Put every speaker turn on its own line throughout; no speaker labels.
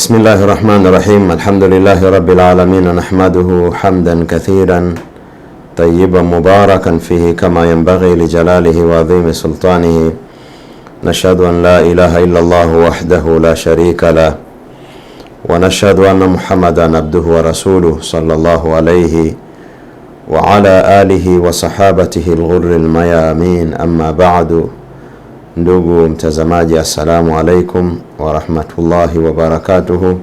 بسم الله الرحمن الرحيم الحمد لله رب العالمين نحمده حمدا كثيرا طيبا مباركا فيه كما ينبغي لجلاله وعظيم سلطانه نشهد ان لا اله الا الله وحده لا شريك له ونشهد ان محمدا عبده ورسوله صلى الله عليه وعلى اله وصحابته الغر الميامين اما بعد Ndugu mtazamaji, assalamu alaikum warahmatullahi wabarakatuhu.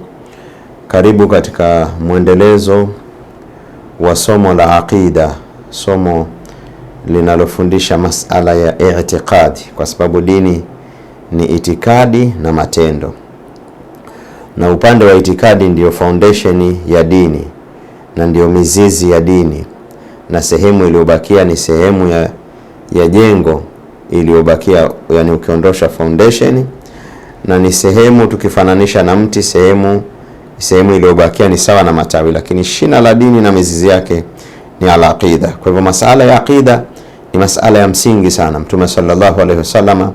Karibu katika mwendelezo wa somo la aqida, somo linalofundisha masala ya i'tiqadi, kwa sababu dini ni itikadi na matendo, na upande wa itikadi ndiyo foundation ya dini na ndiyo mizizi ya dini, na sehemu iliyobakia ni sehemu ya, ya jengo iliyobakia, yani ukiondosha foundation, na ni sehemu tukifananisha na mti, sehemu sehemu iliyobakia ni sawa na matawi, lakini shina la dini na mizizi yake ni al-aqida. Kwa hivyo masala ya aqida ni masala ya msingi sana. Mtume sallallahu alaihi wasallam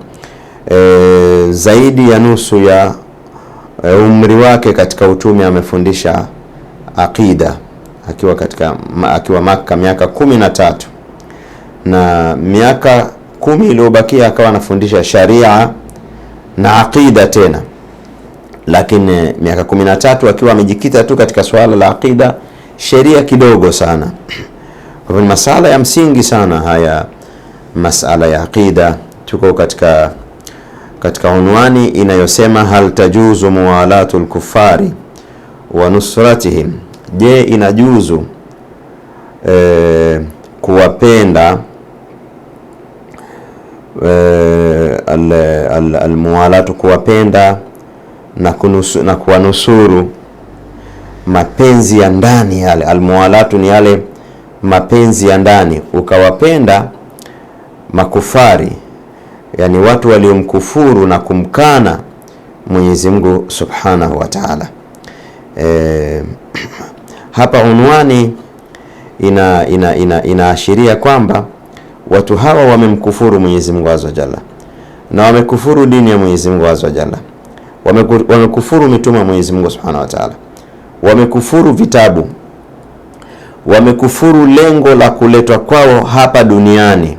e, zaidi ya nusu ya e, umri wake katika utume amefundisha aqida akiwa katika akiwa Makka miaka kumi na tatu na miaka kumi iliyobakia akawa anafundisha sharia na aqida tena, lakini miaka kumi na tatu akiwa amejikita tu katika swala la aqida, sheria kidogo sana. Kwa hivyo masala ya msingi sana haya masala ya aqida. Tuko katika katika unwani inayosema hal tajuzu muwalatu lkufari wa nusratihim, je, inajuzu eh, kuwapenda Eh, al, al, almuwalatu kuwapenda na, kunusu, na kuwanusuru mapenzi ya ndani yale. Almuwalatu ni yale mapenzi ya ndani, ukawapenda makufari, yani watu waliomkufuru na kumkana Mwenyezi Mungu Subhanahu wa Ta'ala. E, hapa unwani ina inaashiria ina, ina kwamba Watu hawa wamemkufuru Mwenyezi Mungu azza jalla, na wamekufuru dini ya Mwenyezi Mungu azza jalla, wamekufuru mitume ya Mwenyezi Mungu subhanahu wa taala, wamekufuru vitabu, wamekufuru lengo la kuletwa kwao hapa duniani.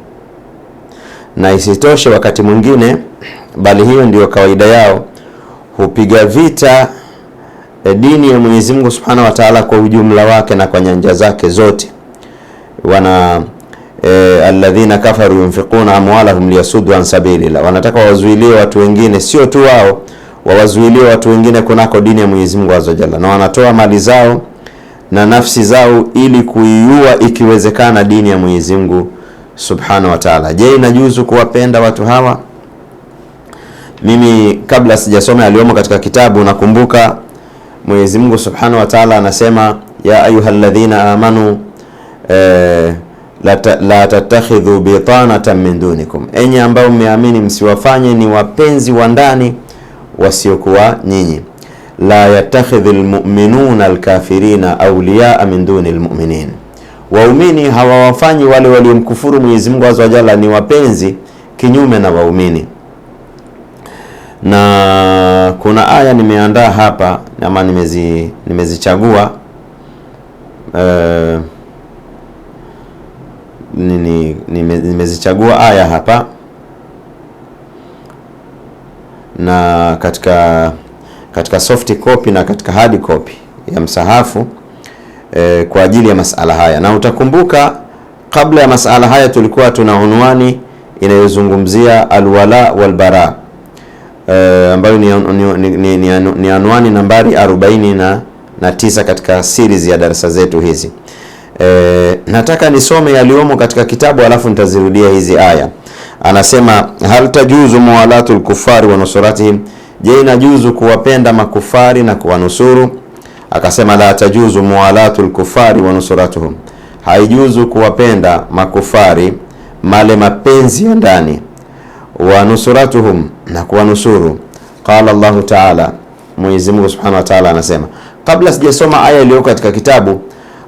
Na isitoshe wakati mwingine, bali hiyo ndiyo kawaida yao, hupiga vita e, dini ya Mwenyezi Mungu subhanahu wa taala kwa ujumla wake na kwa nyanja zake zote wana eh, alladhina kafaru yunfiquna amwalahum liyasuddu an sabilillah, wanataka wazuilie watu wengine, sio tu wao, wawazuilie watu wengine kunako dini ya Mwenyezi Mungu azza jalla, na wanatoa mali zao na nafsi zao ili kuiua ikiwezekana dini ya Mwenyezi Mungu subhanahu wa taala. Je, inajuzu kuwapenda watu hawa? Mimi kabla sijasoma aliyomo katika kitabu, nakumbuka Mwenyezi Mungu subhanahu wa taala anasema ya ayuha alladhina amanu eh, la, tattakhidhu tatakhidhu bitanatan min dunikum, enyi ambao mmeamini msiwafanye ni wapenzi wa ndani wasiokuwa nyinyi. La yatakhidhu lmuminuna alkafirina auliyaa min duni lmuminin, waumini hawawafanyi wale waliomkufuru Mwenyezi Mungu azza wajalla ni wapenzi kinyume na waumini. Na kuna aya nimeandaa hapa ama nimezi nimezichagua uh, nini, nimezichagua aya hapa na katika katika soft copy na katika hard copy ya msahafu e, kwa ajili ya masala haya, na utakumbuka kabla ya masala haya tulikuwa tuna unwani inayozungumzia alwala walbara e, ambayo ni, ni, ni, ni, ni anwani nambari 49 katika series ya darasa zetu hizi. E, nataka nisome yaliyomo katika kitabu alafu nitazirudia hizi aya. Anasema hal tajuzu muwalatul kufari wa nusuratihim, je, inajuzu kuwapenda makufari na kuwanusuru? Akasema la tajuzu muwalatul kufari wa nusuratuhum, haijuzu kuwapenda makufari male mapenzi ya ndani, wa nusuratuhum, na kuwanusuru. Qala Allahu taala, Mwenyezi Mungu subhanahu wa taala anasema. Kabla sijasoma aya iliyoko katika kitabu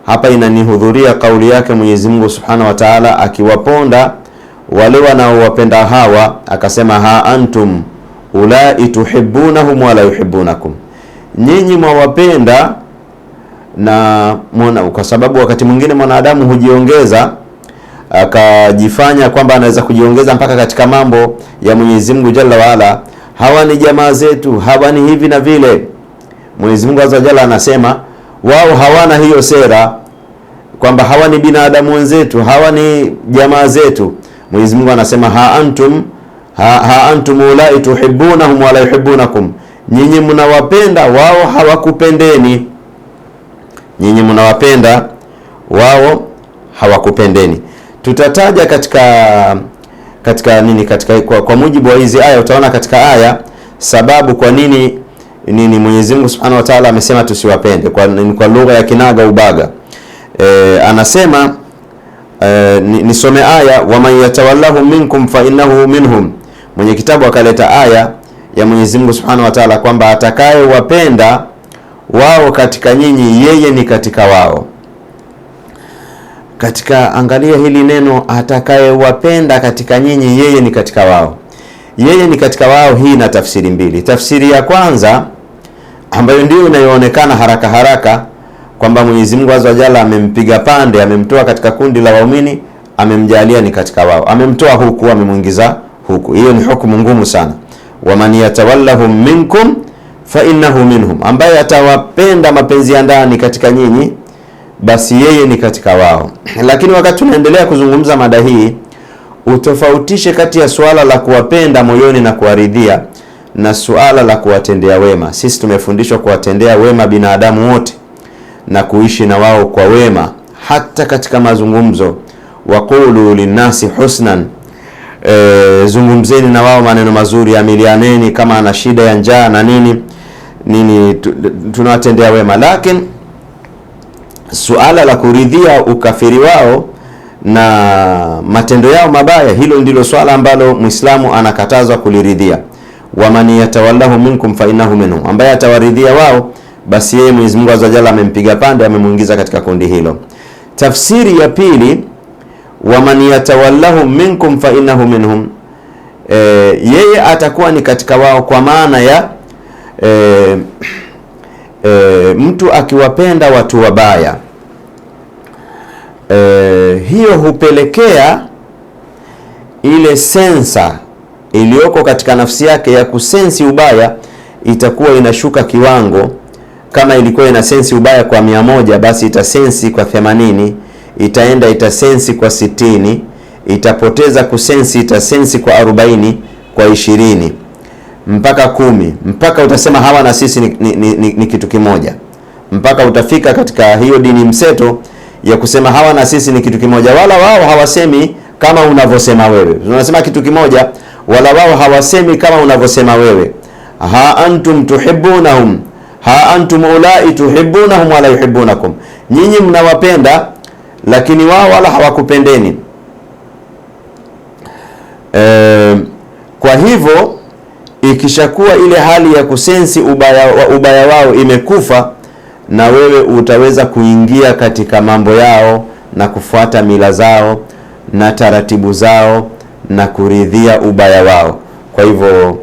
hapa inanihudhuria kauli yake Mwenyezi Mungu Subhanahu wa Ta'ala, akiwaponda wale wanaowapenda hawa, akasema ha antum ulai tuhibbunahum wala yuhibbunakum, nyinyi mwawapenda na mwana, kwa sababu wakati mwingine mwanadamu hujiongeza akajifanya kwamba anaweza kujiongeza mpaka katika mambo ya Mwenyezi Mungu Jalla waala. Hawa ni jamaa zetu, hawa ni hivi na vile. Mwenyezi Mungu Azza Jalla anasema wao hawana hiyo sera kwamba hawa ni binadamu wenzetu, hawa ni jamaa zetu. Mwenyezi Mungu anasema ha antum ha, ha antum ulai tuhibbunahum wala yuhibbunakum, nyinyi mnawapenda wao hawakupendeni, nyinyi mnawapenda wao hawakupendeni. Tutataja katika katika nini, katika kwa, kwa mujibu wa hizi aya utaona katika aya sababu kwa nini nini, Mwenyezi Mungu Subhanahu wa Ta'ala amesema tusiwapende kwa, kwa lugha ya kinaga ubaga e, anasema e, nisome aya wa waman yatawallahu minkum fa innahu minhum. Mwenye kitabu akaleta aya ya Mwenyezi Mungu Subhanahu wa Ta'ala kwamba atakayewapenda wao katika nyinyi, yeye ni katika wao katika angalia hili neno atakayewapenda katika nyinyi, yeye ni katika wao. Yeye ni katika wao, hii na tafsiri mbili. Tafsiri ya kwanza ambayo ndiyo inayoonekana haraka haraka kwamba Mwenyezi Mungu azza jalla amempiga pande, amemtoa katika kundi la waumini, amemjalia ni katika wao, amemtoa huku, amemwingiza huku. Hiyo ni hukumu ngumu sana. Waman yatawallahum minkum fa innahu minhum, ambaye atawapenda mapenzi ya ndani katika nyinyi, basi yeye ni katika wao. Lakini wakati tunaendelea kuzungumza mada hii, utofautishe kati ya suala la kuwapenda moyoni na kuwaridhia na suala la kuwatendea wema. Sisi tumefundishwa kuwatendea wema binadamu wote na kuishi na wao kwa wema, hata katika mazungumzo. Waqulu linnasi husnan, e, zungumzeni na wao maneno mazuri, amilianeni kama ana shida ya njaa na nini nini, tunawatendea wema, lakini suala la kuridhia ukafiri wao na matendo yao mabaya, hilo ndilo swala ambalo Muislamu anakatazwa kuliridhia man yatawallahu minkum fa innahu minhum, ambaye atawaridhia wao, basi yeye Mwenyezi Mungu azza jalla amempiga pande, amemwingiza katika kundi hilo. Tafsiri ya pili, waman yatawallahu minkum fa innahu minhum, e, yeye atakuwa ni katika wao, kwa maana ya e, e, mtu akiwapenda watu wabaya e, hiyo hupelekea ile sensa iliyoko katika nafsi yake ya kusensi ubaya itakuwa inashuka kiwango. Kama ilikuwa ina sensi ubaya kwa mia moja, basi itasensi kwa themanini, itaenda itasensi kwa sitini, itapoteza kusensi, itasensi kwa arobaini, kwa ishirini mpaka kumi, mpaka utasema hawa na sisi ni, ni, ni, ni, ni kitu kimoja, mpaka utafika katika hiyo dini mseto ya kusema hawa na sisi ni kitu kimoja, wala wao hawasemi kama unavyosema wewe, unasema kitu kimoja wala wao hawasemi kama unavyosema wewe. ha antum tuhibbunahum ha antum ulai tuhibbunahum wala yuhibbunakum, nyinyi mnawapenda lakini wao wala hawakupendeni. E, kwa hivyo ikishakuwa ile hali ya kusensi ubaya, ubaya wao imekufa, na wewe utaweza kuingia katika mambo yao na kufuata mila zao na taratibu zao na kuridhia ubaya wao. Kwa hivyo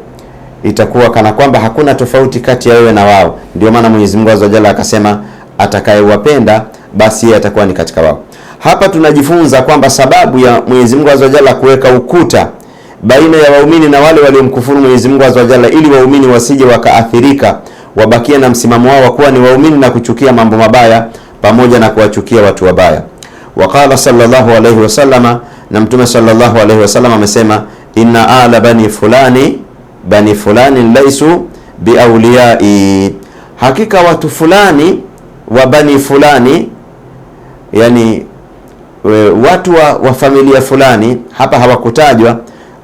itakuwa kana kwamba hakuna tofauti kati ya wewe na wao. Ndio maana Mwenyezi Mungu Azza Jalla akasema atakayewapenda basi yeye atakuwa ni katika wao. Hapa tunajifunza kwamba sababu ya Mwenyezi Mungu Azza Jalla kuweka ukuta baina ya waumini na wale waliomkufuru Mwenyezi Mungu Azza Jalla, ili waumini wasije wakaathirika, wabakie na msimamo wao wa kuwa ni waumini na kuchukia mambo mabaya pamoja na kuwachukia watu wabaya. Waqala sallallahu alayhi wasallama na Mtume sallallahu alaihi wasallam amesema, inna ala bani fulani bani fulani laisu biauliyai, hakika watu fulani wa bani fulani, yani we, watu wa, wa familia fulani, hapa hawakutajwa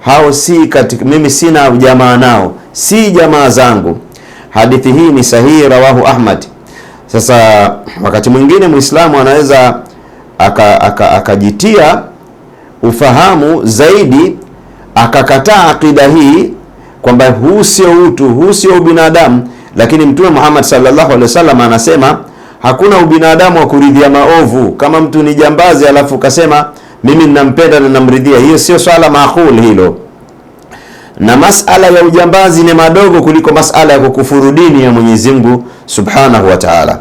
hao, si katika, mimi sina jamaa nao, si jamaa zangu. Hadithi hii ni sahihi, rawahu Ahmad. Sasa wakati mwingine Muislamu anaweza akajitia aka, aka ufahamu zaidi, akakataa aqida hii kwamba huu sio utu, huu sio ubinadamu. Lakini Mtume Muhammad sallallahu alaihi wasallam anasema hakuna ubinadamu wa kuridhia maovu. Kama mtu ni jambazi alafu kasema mimi ninampenda na namridhia, hiyo sio swala maakul hilo. Na masala ya ujambazi ni madogo kuliko masala ya kukufuru dini ya Mwenyezi Mungu subhanahu wa taala.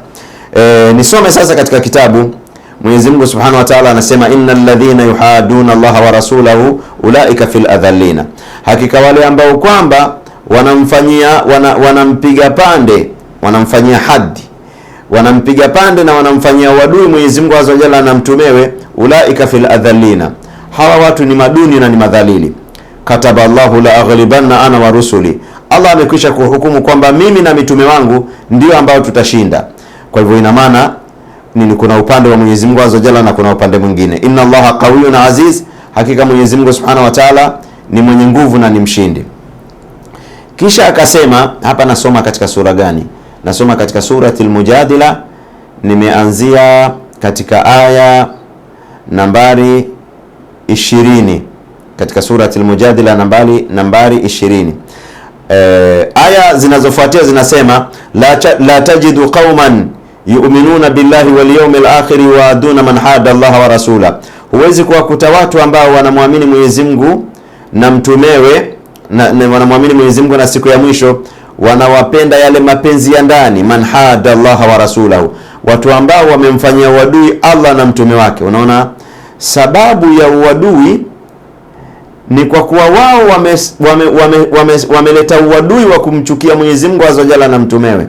E, nisome sasa katika kitabu Mwenyezi Mungu Subhanahu wa Ta'ala anasema innal ladhina yuhaduna Allah wa rasulahu ulaika fil adhallina, hakika wale ambao kwamba wanamfanyia wana, pande wanamfanyia hadi wanampiga pande na wanamfanyia wadui Mwenyezi Mungu azza Jalla na mtumewe, ulaika fil adhallina, hawa watu ni maduni na ni madhalili. Kataba Allahu la aghlibanna ana wa rusuli, Allah amekwisha kuhukumu kwamba mimi na mitume wangu ndio ambao tutashinda. Kwa hivyo ina maana nini, kuna upande wa Mwenyezi Mungu azza jalla na kuna upande mwingine. Inna Allaha qawiyyun aziz, hakika Mwenyezi Mungu subhanahu wa ta'ala ni mwenye nguvu na ni mshindi. Kisha akasema hapa, nasoma katika sura gani? Nasoma katika suratil Mujadila, nimeanzia katika aya nambari 20 katika suratil Mujadila nambari nambari 20. Eh, aya zinazofuatia zinasema la, la tajidu qauman yu'minuna billahi wal yawmil akhir wa aduna man hada Allah wa rasula, huwezi kuwakuta watu ambao wanamwamini Mwenyezi Mungu na mtumewe na, na wanamwamini Mwenyezi Mungu na siku ya mwisho, wanawapenda yale mapenzi ya ndani. Man hada Allah wa rasulahu, watu ambao wamemfanyia uadui Allah na mtume wake. Unaona sababu ya uadui ni kwa kuwa wao wameleta wame, wame, wame, wame uadui wa kumchukia Mwenyezi Mungu azza jalla na mtumewe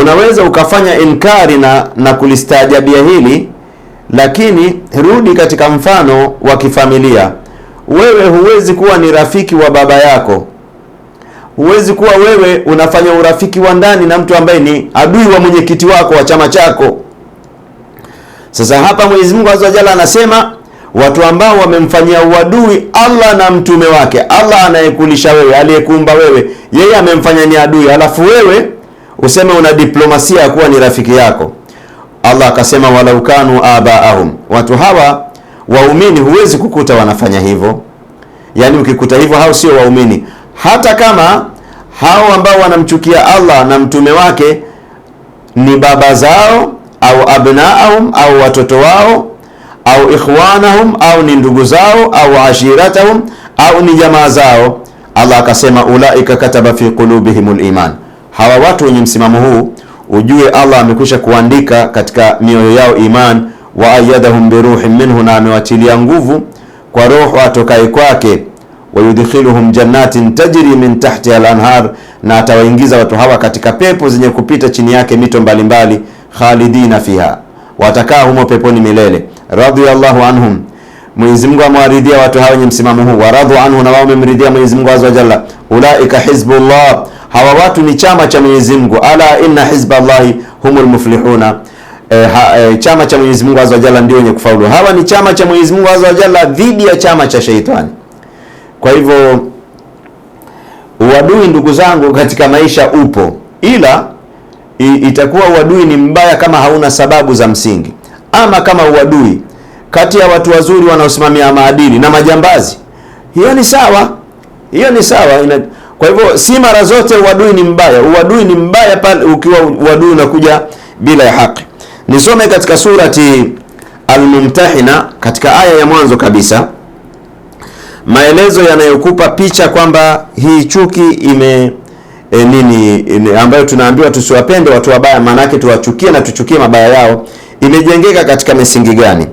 unaweza ukafanya inkari na, na kulistaajabia hili, lakini rudi katika mfano wa kifamilia. Wewe huwezi kuwa ni rafiki wa baba yako, huwezi kuwa wewe unafanya urafiki wa ndani na mtu ambaye ni adui wa mwenyekiti wako wa chama chako. Sasa hapa Mwenyezi Mungu Azza Jalla anasema watu ambao wamemfanyia uadui Allah na mtume wake, Allah anayekulisha wewe, aliyekuumba wewe, yeye amemfanya ni adui, alafu wewe useme una diplomasia ya kuwa ni rafiki yako. Allah akasema walau kanu abaahum, watu hawa waumini huwezi kukuta wanafanya hivyo. Yaani ukikuta hivyo, hao sio waumini, hata kama hao ambao wanamchukia Allah na mtume wake ni baba zao au abnaahum au watoto wao au ikhwanahum au ni ndugu zao au ashiratahum au ni jamaa zao. Allah akasema ulaika kataba fi qulubihimul iman hawa watu wenye msimamo huu, ujue Allah amekwisha kuandika katika mioyo yao iman, wa ayyadahum bi ruhin minhu, na amewatilia nguvu kwa roho atokaye kwake, wayudkhiluhum jannatin tajri min tahtiha al-anhar, na atawaingiza watu hawa katika pepo zenye kupita chini yake mito mbalimbali, khalidina fiha, watakaa humo peponi milele, Radhiyallahu anhum Mwenyezi Mungu amewaridhia watu hawa wenye msimamo huu, waradhu anhu, na wao wamemridhia Mwenyezi Mungu azza wa jalla. Ulaika hizbullah, hawa watu ni chama cha Mwenyezi Mungu. Ala inna hizballahi humul muflihuna. E, ha, e, chama cha Mwenyezi Mungu azza wa jalla ndio wenye kufaulu. Hawa ni chama cha Mwenyezi Mungu azza wa jalla dhidi ya chama cha sheitani. Kwa hivyo uadui, ndugu zangu, katika maisha upo, ila itakuwa uadui ni mbaya kama hauna sababu za msingi, ama kama uadui kati ya watu wazuri wanaosimamia maadili na majambazi. Hiyo ni sawa, hiyo ni sawa ina... kwa hivyo si mara zote uadui ni mbaya. Uadui ni mbaya pale ukiwa uadui unakuja bila ya haki. Nisome katika surati Al-Mumtahina katika aya ya mwanzo kabisa maelezo yanayokupa picha kwamba hii chuki ime e, nini ine, ambayo tunaambiwa tusiwapende watu wabaya, maana yake tuwachukie na tuchukie mabaya yao, imejengeka katika misingi gani?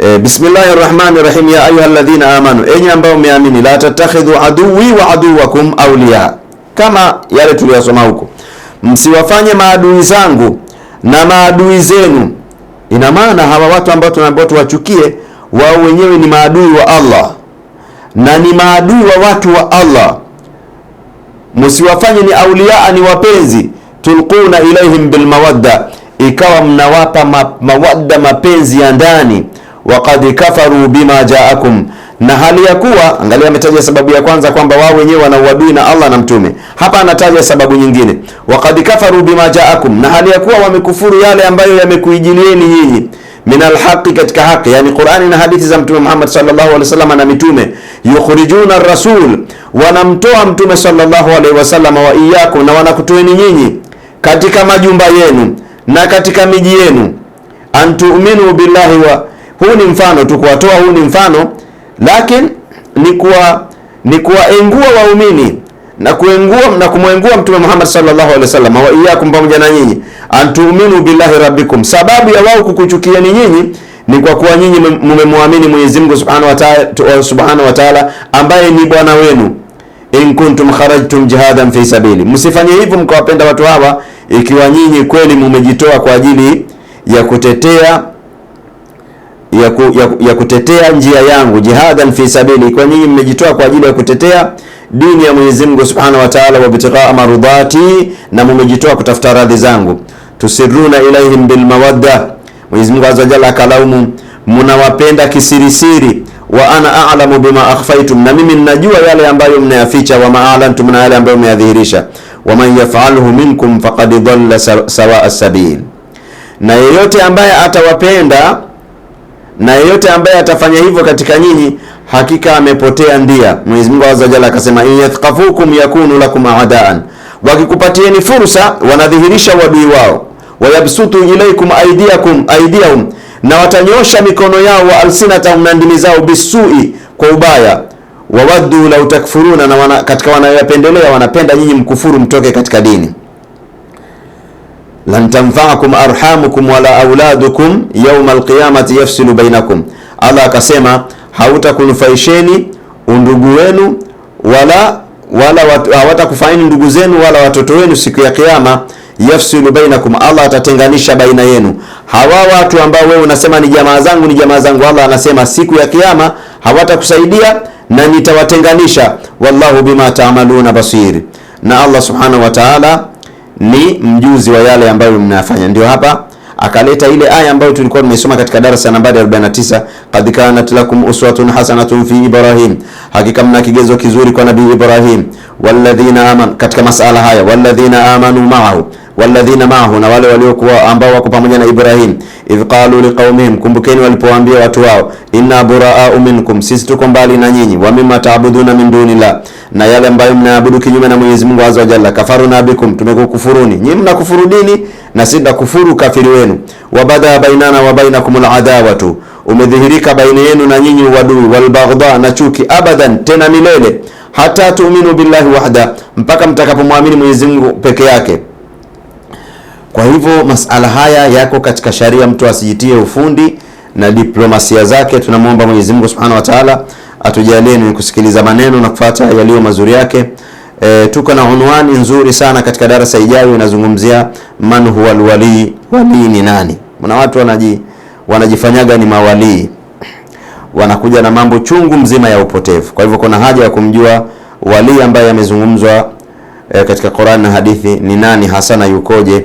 E, eh, bismillahi rahmani rahim, ya ayuha amanu, enyi ambao mmeamini, la tatakhidhu aduwi wa aduwakum awliya, kama yale tuliyosoma huko, msiwafanye maadui zangu na maadui zenu. Ina maana hawa watu ambao tunaambiwa tuwachukie, wao wenyewe ni maadui wa Allah na ni maadui wa watu wa Allah. Msiwafanye ni auliaa, ni wapenzi, tulquna ilaihim bilmawadda, ikawa mnawapa ma, mawadda, mapenzi ya ndani waqad kafaru bima jaakum, na hali ya kuwa. Angalia, ametaja sababu ya kwanza kwamba wao wenyewe wana uadui na Allah na mtume. Hapa anataja sababu nyingine, waqad kafaru bima jaakum, na hali ya kuwa wamekufuru yale ambayo yamekuijilieni nyinyi min alhaqi, katika haki, yani Qur'ani na hadithi za mtume Muhammad sallallahu alaihi wasallam na mitume. Yukhrijuna rasul, wanamtoa mtume sallallahu alaihi wasallam, wa iyyakum, na wanakutoeni nyinyi katika majumba yenu na katika miji yenu, antuminu billahi wa huu ni mfano tu, kuwatoa huu ni mfano, lakini ni kuwa ni kuwaengua waumini na kuengua na kumwengua Mtume Muhammad sallallahu alaihi wasallam, wa iyakum, pamoja na nyinyi, antuuminu billahi rabbikum. Sababu ya wao ni nyinyi ni kwa kuwa nyinyi mmemwamini Mwenyezi Mungu subhanahu wa taala, ambaye ni bwana wenu. In kuntum kharajtum jihadan fi sabili, msifanye hivyo mkawapenda watu hawa, ikiwa nyinyi kweli mmejitoa kwa ajili ya kutetea ya, ku, ya, ya kutetea njia yangu jihadan fi sabili, kwa nyinyi mmejitoa kwa ajili ya kutetea dini ya Mwenyezi Mungu Subhanahu wa Ta'ala, wa wabtighaa marudhati, na mmejitoa kutafuta radhi zangu. Tusiruna ilaihim bil mawadda, Mwenyezi Mungu azza jalla akalaumu, mnawapenda kisirisiri. Wa ana a'lamu bima akhfaytum, na mimi ninajua yale ambayo mnayaficha. Wa maalantum, na yale ambayo mnayadhihirisha. Wa man yaf'alhu minkum faqad dhalla sawa'a sabil, na yeyote ambaye atawapenda na yeyote ambaye atafanya hivyo katika nyinyi hakika amepotea ndia. Mwenyezi Mungu azza jalla akasema, in yathqafukum yakunu lakum adaan, wakikupatieni fursa wanadhihirisha uadui wao. Wayabsutu ilaikum aidiakum aidiyahum, na watanyosha mikono yao wa alsinatahum, na ndimi zao bisui, kwa ubaya. Wawaddu lau takfuruna, na wana, katika wanayapendelea wanapenda nyinyi mkufuru, mtoke katika dini lan tanfaakum arhamukum wala auladukum yauma alqiyamati yafsilu bainakum, Allah akasema hautakunufaisheni undugu wenu wala wala hawatakufaini ndugu zenu wala watoto wenu siku ya kiyama. Yafsilu bainakum, Allah atatenganisha baina yenu. Hawa watu ambao wewe unasema ni jamaa zangu, ni jamaa zangu, Allah anasema siku ya kiyama hawatakusaidia na nitawatenganisha. Wallahu bima taamaluna basiri. Na Allah subhanahu wa ta'ala ni mjuzi wa yale ambayo mnayafanya. Ndio hapa akaleta ile aya ambayo tulikuwa tumesoma katika darasa nambari 49, qad kanat lakum uswatun hasanatun fi Ibrahim, hakika mna kigezo kizuri kwa nabii Ibrahim, walladhina aman katika masala haya walladhina amanu maahu walladhina maahu, na wale waliokuwa ambao wako pamoja na Ibrahim, idh qalu liqaumihim, kumbukeni walipowaambia watu wao, inna buraau minkum, sisi tuko mbali na nyinyi, wa mimma taabuduna min dunillah, na yale ambayo mnaabudu kinyume na Mwenyezi Mungu azza wa jalla, kafaruna bikum, tumekukufuruni nyinyi, mnakufuru dini na sisi nakufuru kafiri wenu, wabada bainana wa bainakumul adawatu umedhihirika baina yenu na nyinyi uadui, walbaghdha na chuki, abadan tena milele, hata tuuminu billahi wahda, mpaka mtakapomwamini Mwenyezi Mungu peke yake. Kwa hivyo masala haya yako katika sharia, mtu asijitie ufundi na diplomasia zake. Tunamwomba Mwenyezi Mungu Subhanahu wa Ta'ala atujalie ni kusikiliza maneno na kufuata yaliyo mazuri yake. E, tuko na unwani nzuri sana katika darasa ijayo inazungumzia man huwa alwali, wali ni nani? Kuna watu wanaji wanajifanyaga ni mawalii, wanakuja na mambo chungu mzima ya upotevu. Kwa hivyo kuna haja ya kumjua wali ambaye amezungumzwa e, katika Qur'an na hadithi ni nani hasa na yukoje.